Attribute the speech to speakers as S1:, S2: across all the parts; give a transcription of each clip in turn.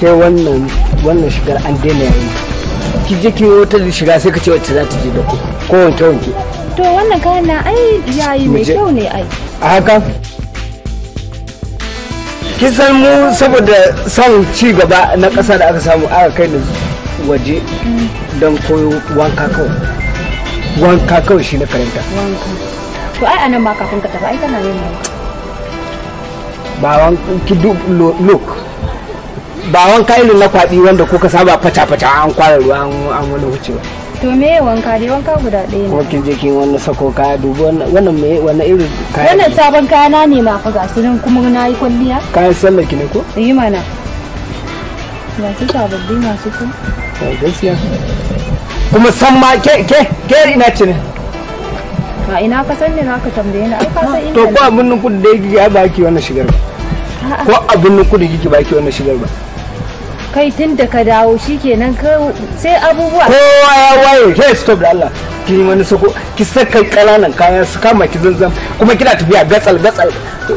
S1: ke wannan wannan shigar an daina yayi ki je ki wata shiga sai ka ce wacce za ta je da ku ko wanke wanke to wannan kayan na ai yayi mai kyau ne ai a haka kin san mu saboda son ci gaba na ƙasa da aka samu aka kai da waje don koyo wanka kawai wanka kawai shi na karanta to ai anan ma kafin ka tafi ai kana yin ba wanka ki duk look ba wanka irin na kwaɗi wanda kuka saba fata-fata an kwara ruwa an wani wuce ba to me wanka dai wanka guda ɗaya ne wakin je wani sako kaya dubu wannan me wani irin kaya wannan sabon kaya na ne ma fa gasu nan kuma na yi kwalliya kayan sallar ki ne ko yi mana ga su sababbi masu ku gaskiya kuma san ma ke ke ke ina ce ne a ina ka san ne ka tambaye ni ai ka san ina to ko abin nan kudu da yake ya baki wannan shigar ba ko abin nan kudu yake baki wannan shigar ba kai tun da ka dawo shikenan ka sai abubuwa kowa ya waye hey stop da Allah ki wani sako ki saka kananan kaya su kama ki zanzan kuma kina tafiya gatsal gatsal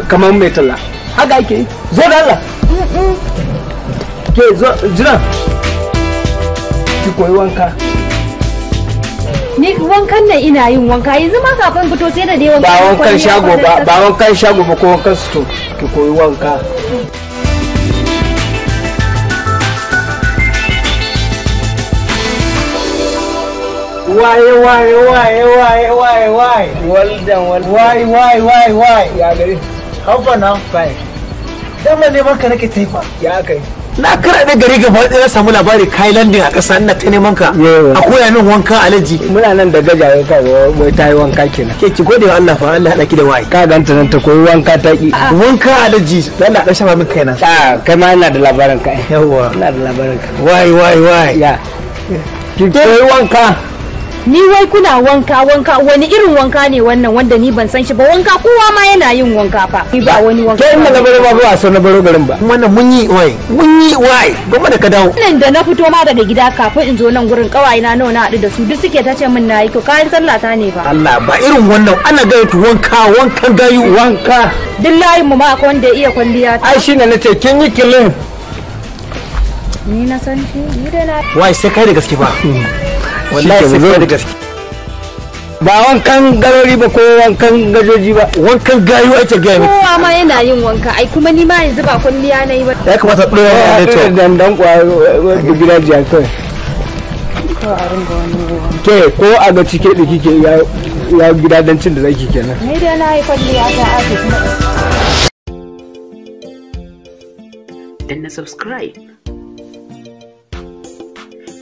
S1: kamar mai talla haka ake zo da Allah ke zo jira ki koyi wanka ni wankan nan ina yin wanka yanzu ma kafin fito sai da dai wankan ba wankan shago ba ba wankan shago ba ko wankan suto ki koyi wanka waye waye waye waye waye waye well done well waye waye waye waye ya gari how na, now fine dan ma neman ka nake taifa ya kai na kira da gari gaba ɗaya na samu labari kai landin a ƙasa ina ta neman ka a koya min wanka alaji muna nan da gajaye ka wai ta yi wanka kenan ke ki gode wa Allah fa Allah haɗa ki da waye. ka ganta nan ta koyi wanka ta ki ah. wanka alaji Allah ɗan shafa min kaina a ah, kai ma ina da labarin ka yawa ina da labarin ka Waye, waye, waye. ya ki koyi wanka ni wai kuna wanka wanka wani irin wanka ne wannan wanda ni ban san shi ba wanka kowa ma yana yin wanka fa ni ba wani wanka kai na baro ba ba so na baro garin ba wannan mun yi wai mun yi wai goma da ka dawo nan da na fito ma daga gida kafin in zo nan gurin kawai na nawa na hadu da su duk suke tace min nayi to kayan sallah ta ne ba Allah ba irin wannan ana ga wanka wanka gayu wanka duk layin mu ma akwai wanda ya iya kwalliya ai shine nace kin yi kilin ni na san shi ni dai na wai sai kai da gaske ba ba wankan garori ba ko wankan gajoji ba wankan gayu a gaya miki kowa ma yana yin wanka ai kuma ni ma yanzu ba kulliya na yi ba ya kamata ɗora ya ne to dan dan kai ke ko a ga cike da kike ya gida dan cin da zaki kenan ni na yi kulliya ta kuma na subscribe